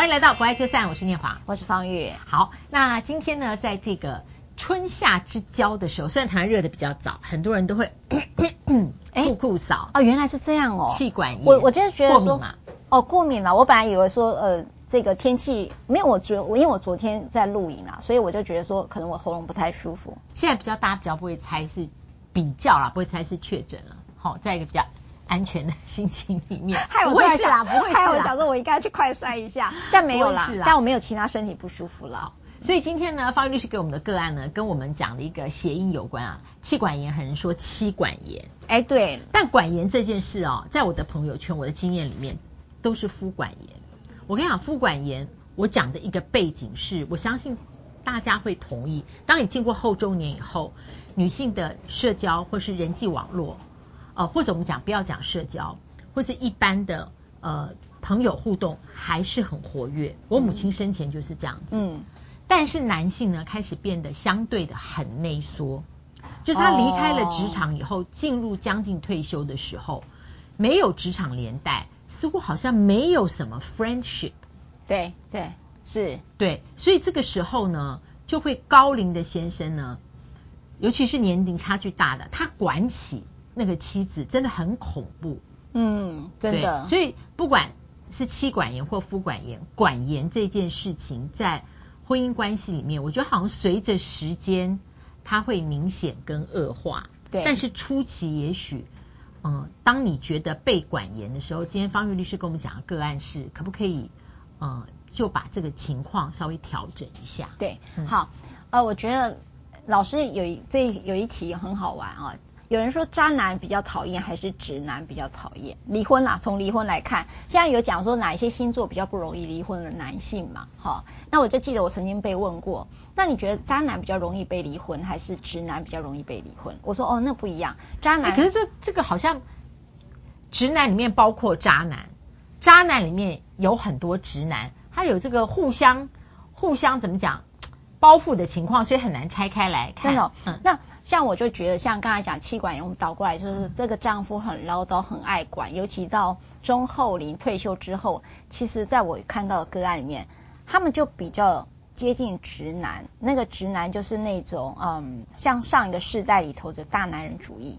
歡迎來到不愛就散，我是念華，我是芳玉。好，那今天呢，在這個春夏之交的時候，雖然台灣熱得比較早，很多人都會咳咳咳，哎， 酷少哦，原來是這樣哦，氣管炎，我我就是覺得說，嘛哦，過敏了。我本來以為說，呃，這個天氣，沒有我昨我因為我昨天在露營啊，所以我就覺得說，可能我喉嚨不太舒服。現在比較大家比較不會猜是比較啦，不會猜是確診了。好，哦，再一個比較安全的心情裡面，害我是啦不會是啦，不會是啦。害我想說我應該去快篩一下， 但沒有啦，啦但我沒有其他身體不舒服了。所以今天呢，芳玉律師給我們的個案呢，跟我們講的一個諧音有關啊，氣管炎很多人說氣管炎，哎、欸、對，但管炎這件事哦，在我的朋友圈，我的經驗裡面都是夫管炎。我跟你講，夫管炎，我講的一個背景是，我相信大家會同意，當你經過後中年以後，女性的社交或是人際網絡。啊、呃，或者我們講不要講社交，或是一般的呃朋友互動，還是很活躍。我母親生前就是這樣子，嗯。嗯，但是男性呢，開始變得相對的很內縮，就是他離開了職場以後，哦、進入將近退休的時候，沒有職場連帶，似乎好像沒有什麼 friendship。對對，是，對，所以這個時候呢，就會高齡的先生呢，尤其是年齡差距大的，他管起。那個妻子真的很恐怖，嗯，真的對。所以不管是妻管嚴或夫管嚴，管嚴這件事情在婚姻關係裡面，我覺得好像隨着時間，它會明顯跟惡化。對，但是初期也許，嗯，當你覺得被管嚴的時候，今天芳玉律師跟我們講的個案是，可不可以，嗯，就把這個情況稍微調整一下？對，嗯、好，呃，我覺得老師有一，這有一題很好玩啊、哦。有人說渣男比較討厭，還是直男比較討厭？離婚啦，從離婚來看，現在有講說哪一些星座比較不容易離婚的男性嘛？哈，哦，那我就記得我曾經被問過，那你覺得渣男比較容易被離婚，還是直男比較容易被離婚？我說哦，那不一樣，渣男、欸、可是這這個好像直男裡面包括渣男，渣男裡面有很多直男，他有這個互相互相怎麼講包覆的情況，所以很難拆開來看。真的，嗯，那、嗯。像我就覺得，像剛才講妻管嚴我們倒過來，就是這個丈夫很嘮叨，很愛管，尤其到中後齡退休之後，其實在我看到的個案裡面，他們就比較接近直男，那個直男就是那種，嗯，像上一個世代裡頭的大男人主義。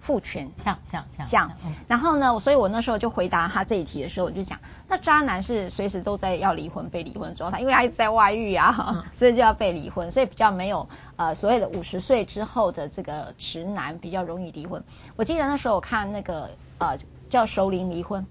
父權，像像像，像像像嗯、然後呢？所以我那時候就回答他這一題的時候，我就講，那渣男是隨時都在要離婚、被離婚之後，他因為他一直在外遇啊，嗯、所以就要被離婚，所以比較沒有呃所謂的五十歲之後的這個直男比較容易離婚。我記得那時候我看那個呃叫熟《熟齡離婚》，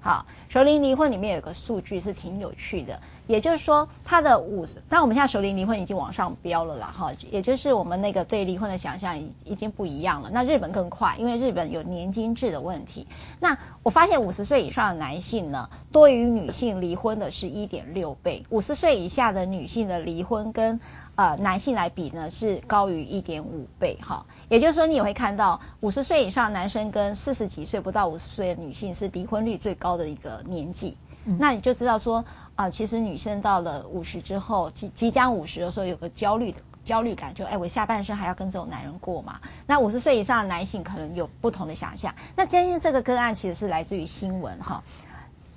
好，《熟齡離婚》裡面有個數據是挺有趣的。也就是說，他的五十，但我們現在熟齡離婚已經往上飆了啦，哈，也就是我們那個對離婚的想象已已經不一樣了。那日本更快，因為日本有年金制的問題。那我發現五十歲以上的男性呢，多於女性離婚的是一點六倍；五十歲以下的女性的離婚跟呃男性來比呢，是高於一點五倍，哈。也就是說，你也會看到五十歲以上男生跟四十幾歲不到五十歲的女性是離婚率最高的一個年紀。嗯、那你就知道說。啊、呃，其實女生到了五十之後，即即將五十的時候，有個焦慮的焦慮感就，就哎，我下半生還要跟這種男人過嘛？那五十歲以上的男性可能有不同的想象。那今天這個個案其實是來自於新聞哈、哦。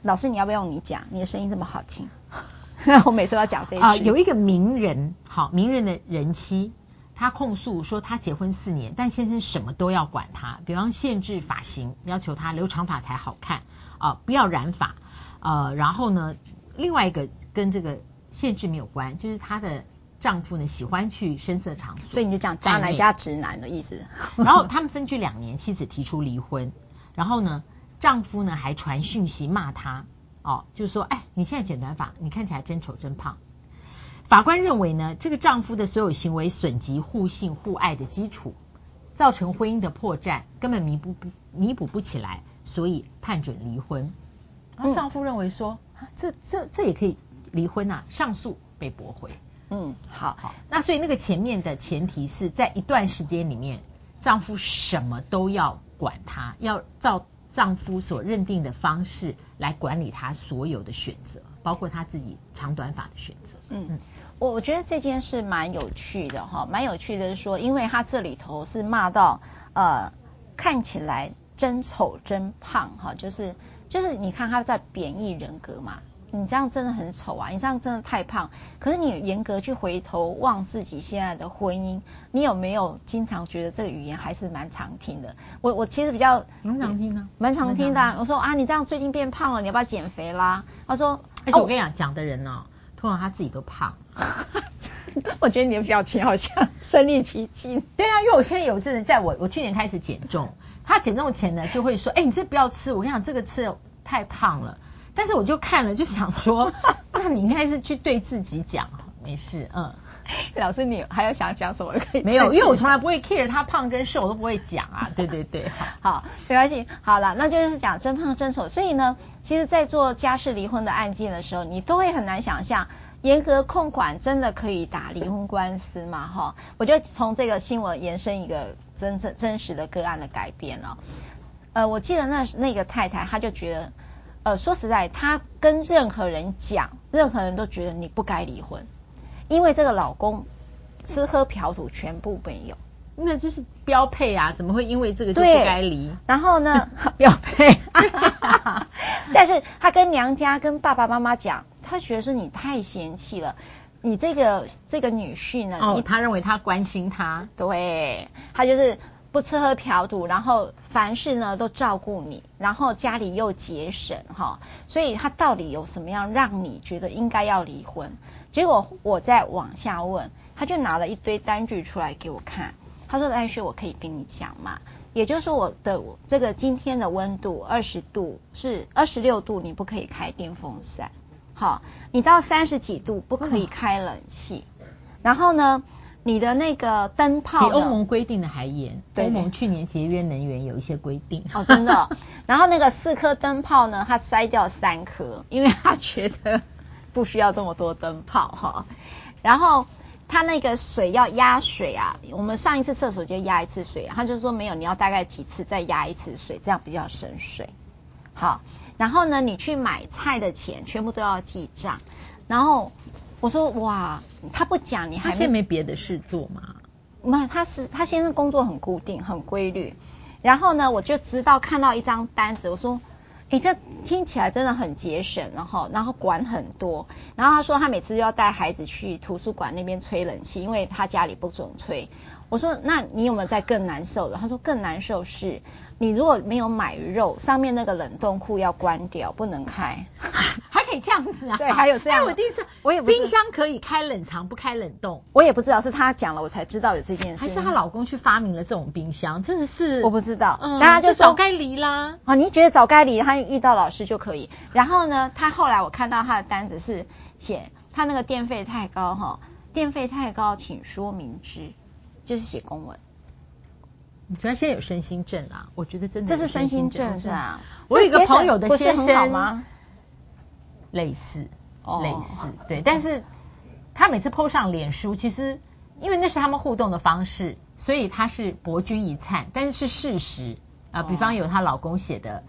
老師，你要不要用你講？你的聲音這麼好聽， 我每次都要講這一句啊、呃。有一個名人，好、哦，名人的人妻，他控訴說他結婚四年，但先生什麼都要管他，比方限制髮型，要求他留長髮才好看啊、呃，不要染髮，呃，然後呢，另外一個跟這個限制沒有關，就是她的丈夫呢喜歡去聲色場所，所以你就講渣男加直男的意思。 然後他們分居兩年，妻子提出離婚，然後呢，丈夫呢還傳訊息罵她，哦，就是說，哎，你現在剪短髮，你看起來真醜真胖。法官認為呢，這個丈夫的所有行為損及互信互愛的基礎，造成婚姻的破綻，根本彌補不彌補不起來，所以判准離婚。然後、嗯、丈夫認為說。啊、這這這也可以離婚啊！上訴被駁回。嗯，好，好。那所以那個前面的前提是在一段時間裡面，丈夫什麼都要管她，要照丈夫所認定的方式來管理她所有的選擇，包括她自己長短髮的選擇。嗯嗯，我、嗯、我覺得這件事蠻有趣的哈，蠻有趣的是說，因為他這裡頭是罵到呃，看起來真醜真胖哈，就是。就是你看他在貶義人格嘛，你這樣真的很醜啊，你這樣真的太胖。可是你嚴格去回頭望自己現在的婚姻，你有沒有經常覺得這個語言還是蠻常聽的？我我其實比較蠻常,、啊、常聽的、啊，蠻常聽的、啊。我說啊，你這樣最近變胖了，你要不要減肥啦？他說，而且我跟你講，講、啊、的人呢、喔，通常他自己都胖。 我覺得你的表情好像身歷其境。對啊，因為我現在有陣子，在我我去年開始減重。他減重前呢，就會說：“哎、欸，你這不要吃，我跟你講，這個吃太胖了。”但是我就看了，就想說：“嗯、 那你應該是去對自己講，沒事。”嗯，老師，你還有想講什麼？可以沒有，因為我從來不會 care 他胖跟瘦，我都不會講啊。對對對，好， 好沒關係。好了，那就是講真胖真醜。所以呢，其實，在做家事離婚的案件的時候，你都會很難想象。嚴格控管真的可以打離婚官司嗎？哈，我就從這個新聞延伸一個真正真實的個案的改編了，喔。呃，我記得那那個太太，她就覺得，呃，說實在，她跟任何人講，任何人都覺得你不該離婚，因為這個老公吃喝嫖賭全部沒有，那就是標配啊，怎麼會因為這個就不該離？然後呢， 標配 但是他跟娘家跟爸爸媽媽講。他覺得是你太嫌棄了，你這個這個女婿呢？哦，他認為他關心他。對，他就是不吃喝嫖賭，然後凡事呢都照顧你，然後家裡又節省哈、哦，所以他到底有什麼樣讓你覺得應該要離婚？結果我再往下問，他就拿了一堆單據出來給我看。他說：“但是，我可以跟你講嘛，也就是我的這個今天的溫度二十度是二十六度，度你不可以開電風扇。”好，你到三十幾度不可以開冷氣，哦、然後呢，你的那個燈泡比歐盟規定的還嚴。對，對，歐盟去年節約能源有一些規定。哦，真的。 然後那個四顆燈泡呢，他塞掉三顆，因為他覺得不需要這麼多燈泡哈、哦。然後他那個水要壓水啊，我們上一次廁所就壓一次水、啊，他就說沒有，你要大概幾次再壓一次水，這樣比較省水。好。然後呢，你去買菜的錢全部都要記賬。然後我說哇，他不講你還他現在沒別的事做嗎？沒有，他是他先生工作很固定，很規律。然後呢，我就知道看到一張單子，我說，哎、欸，這聽起來真的很節省。然後，然後管很多。然後他說他每次要帶孩子去圖書館那邊吹冷氣，因為他家裡不准吹。我說：“那你有沒有再更難受的？”他說：“更難受是你如果沒有買肉，上面那個冷凍庫要關掉，不能開。”還可以這樣子啊？對，還有這樣。但、哎、我第一次，我也不知道冰箱可以開冷藏不開冷凍。我也不知道是他講了，我才知道有這件事。還是她老公去發明了這種冰箱？真的是，我不知道。嗯，大家就說就早該離啦。好、哦，你覺得早該離，他遇到老師就可以。然後呢，他後來我看到他的單子是寫他那個電費太高，哈、哦，電費太高，請說明之。就是寫公文，你說他現在有身心症啦，我覺得真的這是身心症是啊嗎。我有一個朋友的先生，是好嗎？類似類似，哦、對，但是他每次 PO 上臉書，其實因為那是他們互動的方式，所以他是博君一粲，但是是事實啊、呃。比方有她老公寫的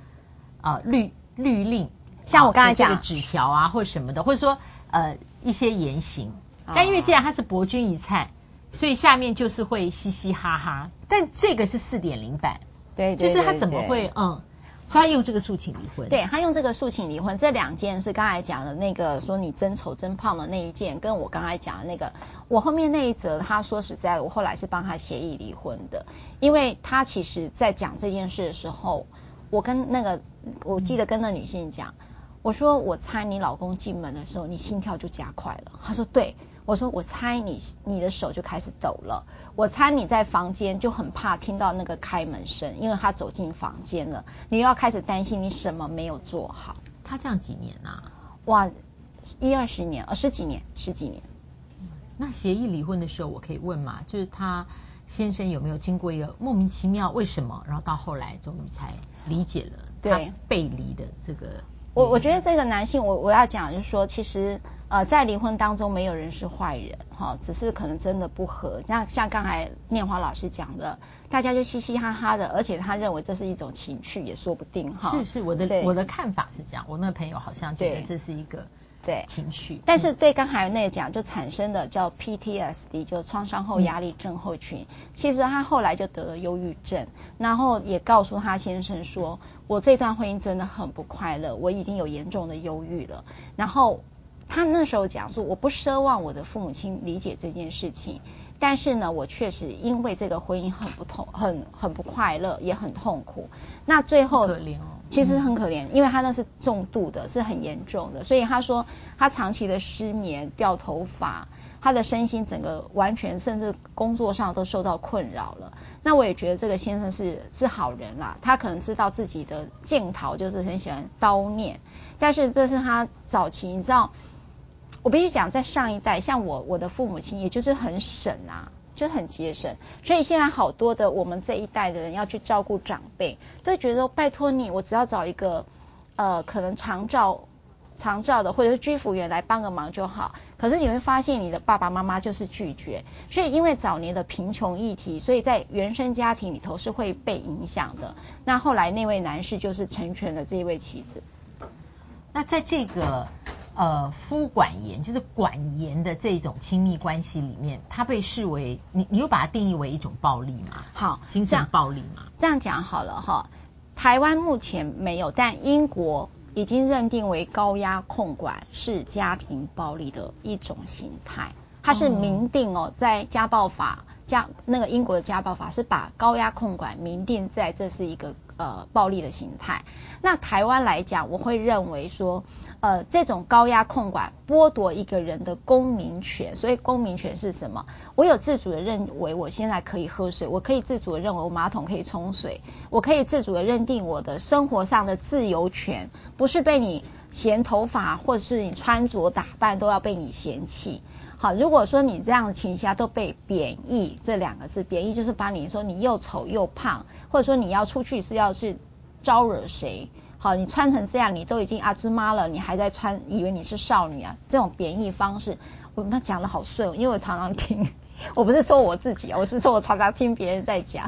啊、哦呃，律律令，像我剛才講的、啊、紙條啊，或者什麼的，或者說呃一些言行，哦、但因為既然他是博君一粲。所以下面就是會嘻嘻哈哈，但這個是四點零版。對，對，對，對，就是他怎麼會嗯，他用這個訴請離婚？對他用這個訴請離婚，這兩件是剛才講的那個說你真醜真胖的那一件，跟我剛才講的那個，我後面那一則他說實在，我後來是幫他協議離婚的，因為他其實在講這件事的時候，我跟那個我記得跟那女性講，我說我猜你老公進門的時候你心跳就加快了，他說對。我說，我猜你你的手就開始抖了。我猜你在房間就很怕聽到那個開門聲，因為他走進房間了，你又要開始擔心你什麼沒有做好。他這樣幾年吶、啊？哇，一二十年，呃、哦，十幾年，十幾年。那協議離婚的時候，我可以問嗎？就是他先生有沒有經過一個莫名其妙為什麼，然後到後來終於才理解了對背離的這個。對嗯、我我覺得這個男性，我我要講就是說，其實。呃，在離婚當中，沒有人是壞人，哈，只是可能真的不合。那像剛才念華老師講的，大家就嘻嘻哈哈的，而且他認為這是一種情緒，也說不定哈。是是，我的對我的看法是這樣。我那個朋友好像覺得這是一個情對情緒，但是對剛才那講就產生的叫 PTSD，就創傷後壓力症候群。嗯、其實他後來就得了憂鬱症，然後也告訴他先生說：“我這段婚姻真的很不快樂，我已經有嚴重的憂鬱了。”然後。他那時候講說，我不奢望我的父母親理解這件事情，但是呢，我確實因為這個婚姻很不痛，很很不快樂，也很痛苦。那最後，可，可憐哦，其實很可憐，嗯、因為他那是重度的，是很嚴重的。所以他說，他長期的失眠、掉頭髮，他的身心整個完全，甚至工作上都受到困擾了。那我也覺得這個先生是是好人啦，他可能知道自己的劍桃就是很喜歡叨念，但是這是他早期，你知道。我必須講，在上一代，像我我的父母親，也就是很省啊，就很節省。所以現在好多的我們這一代的人要去照顧長輩，都覺得拜托你，我只要找一個，呃，可能長照、長照的或者是居服員來幫個忙就好。可是你會發現，你的爸爸媽媽就是拒絕。所以因為早年的貧窮議題，所以在原生家庭裡頭是會被影響的。那後來那位男士就是成全了這一位妻子。那在這個。呃，夫管嚴就是管嚴的這種親密關係裡面，它，被視為你，你有把它定義為一種暴力嗎？好，精神暴力嗎？這樣講好了哈。台灣目前沒有，但英國已經認定為高壓控管是家庭暴力的一種形態。它是明定哦，嗯、在家暴法家，那個英國的家暴法是把高壓控管明定在這是一個呃暴力的形態。那台灣來講，我會認為說。呃，這種高壓控管剝奪一個人的公民權，所以公民權是什麼？我有自主的認為，我現在可以喝水，我可以自主的認為我馬桶可以沖水，我可以自主的認定我的生活上的自由權不是被你嫌頭髮，或者是你穿着打扮都要被你嫌棄。好，如果說你這樣的情況下都被貶抑這兩個字，貶抑就是把你說你又醜又胖，或者說你要出去是要去招惹誰？好，你穿成這樣，你都已經阿芝媽了，你還在穿，以為你是少女啊？這種貶義方式，我們講得好順，因為我常常聽。我不是說我自己，我是說我常常聽別人在講。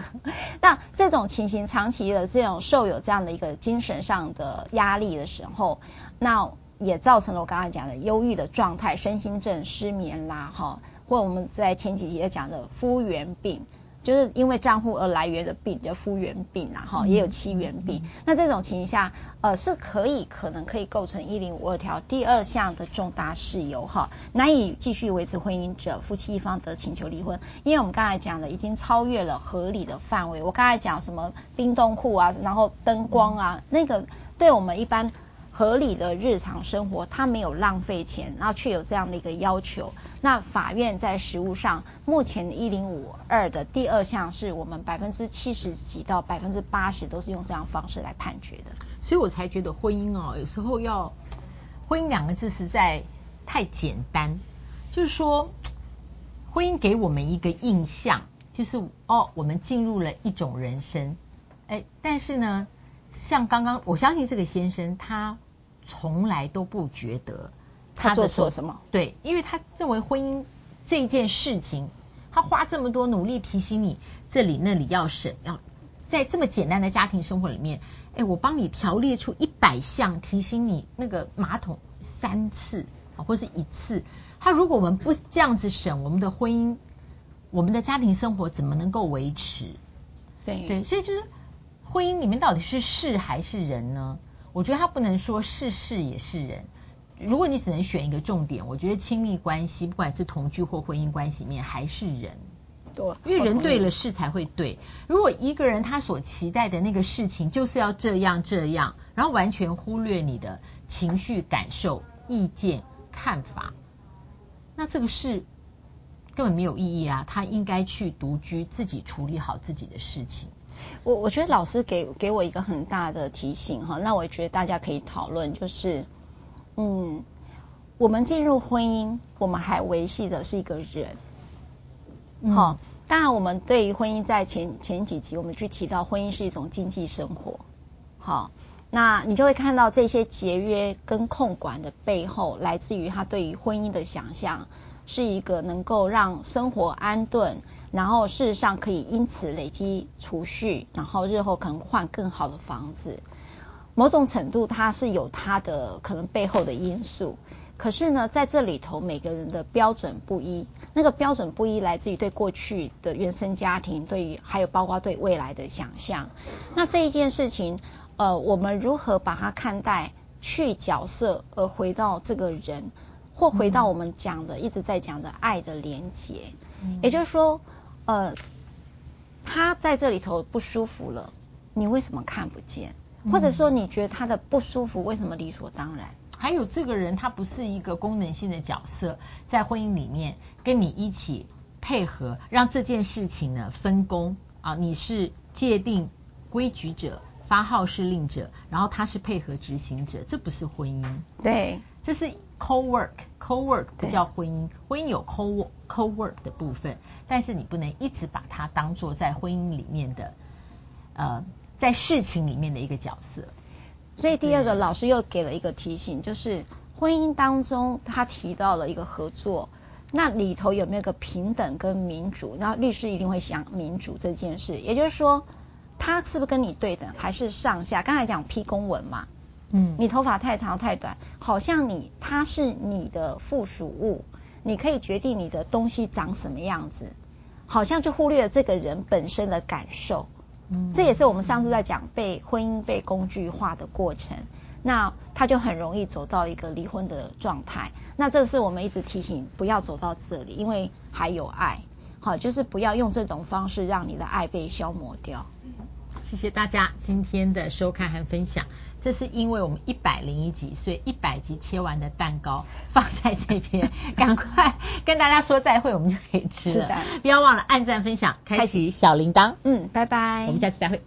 那這種情形，長期的這種受有這樣的一個精神上的壓力的時候，那也造成了我剛才講的憂鬱的狀態、身心症、失眠啦，哈，或我們在前幾集也講的夫原病。就是因為賬戶而來源的病，叫夫源病。吶，哈，也有妻源病、嗯嗯、那這種情形下，呃，是可以可能可以構成一零五二條第二項的重大事由哈，難以繼續維持婚姻者，夫妻一方得請求離婚。因為我們剛才講了，已經超越了合理的範圍。我剛才講什麼冰凍庫啊，然後燈光啊，嗯、那個對我們一般。合理的日常生活，他沒有浪費錢，然後卻有這樣的一個要求。那法院在實務上，目前一零五二的第二項是我們百分之七十幾到百分之八十都是用這樣方式來判決的。所以我才覺得婚姻哦，有時候要，婚姻兩個字實在太簡單，就是說，婚姻給我們一個印象，就是哦，我們進入了一種人生，哎，但是呢。像剛剛，我相信這個先生，他從來都不覺得他，他做錯了什麼。對，因為他認為婚姻這件事情，他花這麼多努力提醒你這裡那裡要省，要在這麼簡單的家庭生活裡面，哎，我幫你條列出一百項提醒你那個馬桶三次啊，或是一次。他如果我們不這樣子省，我們的婚姻，我們的家庭生活怎麼能夠維持？對對，所以就是。婚姻裡面到底是事還是人呢？我覺得他不能說是事也是人。如果你只能選一個重點，我覺得親密關係不管是同居或婚姻關係裡面還是人，對，因為人對了事才會對。如果一個人他所期待的那個事情就是要這樣這樣，然後完全忽略你的情緒感受、意見、看法，那這個事根本沒有意義啊！他應該去獨居，自己處理好自己的事情。我我覺得老師給給我一個很大的提醒哈，那我覺得大家可以討論，就是，嗯，我們進入婚姻，我們還維繫的是一個人，好，當然，嗯，我們對於婚姻在前前幾集我們去提到，婚姻是一種經濟生活，好，那你就會看到這些節約跟控管的背後，來自於他對於婚姻的想象。是一個能夠讓生活安頓，然後事實上可以因此累積儲蓄，然後日後可能換更好的房子。某種程度，它是有它的可能背後的因素。可是呢，在這裡頭，每個人的標準不一，那個標準不一來自於對過去的原生家庭，對於還有包括對未來的想象。那這一件事情，呃，我們如何把它看待，去角色而回到這個人？或回到我們講的、嗯、一直在講的愛的連結，嗯、也就是說，呃，他在這裡頭不舒服了，你為什麼看不見？嗯、或者說你覺得他的不舒服為什麼理所當然？還有這個人他不是一個功能性的角色，在婚姻裡面跟你一起配合，讓這件事情呢分工啊，你是界定規矩者、發號施令者，然後他是配合執行者，這不是婚姻。對。這是 co work，co work 不叫婚姻，對婚姻有 co work co work 的部分，但是你不能一直把它當作在婚姻裡面的，呃，在事情裡面的一個角色。所以第二個對老師又給了一個提醒，就是婚姻當中他提到了一個合作，那裡頭有沒有個平等跟民主？那律師一定會想民主這件事，也就是說他是不是跟你對等，還是上下？剛才講批公文嘛。嗯，你頭髮太長太短，好像你它是你的附屬物，你可以決定你的東西長什麼樣子，好像就忽略了這個人本身的感受。嗯，這也是我們上次在講被婚姻被工具化的過程，那他就很容易走到一個離婚的狀態。那這是我們一直提醒不要走到這裡，因為還有愛，好，就是不要用這種方式讓你的愛被消磨掉。謝謝大家今天的收看和分享。這是因為我們一百零一集，所以一百集切完的蛋糕放在這邊， 趕快跟大家說再會，我們就可以吃了。的不要忘了按讚、分享、開啟小鈴鐺。嗯，拜拜，我們下次再會。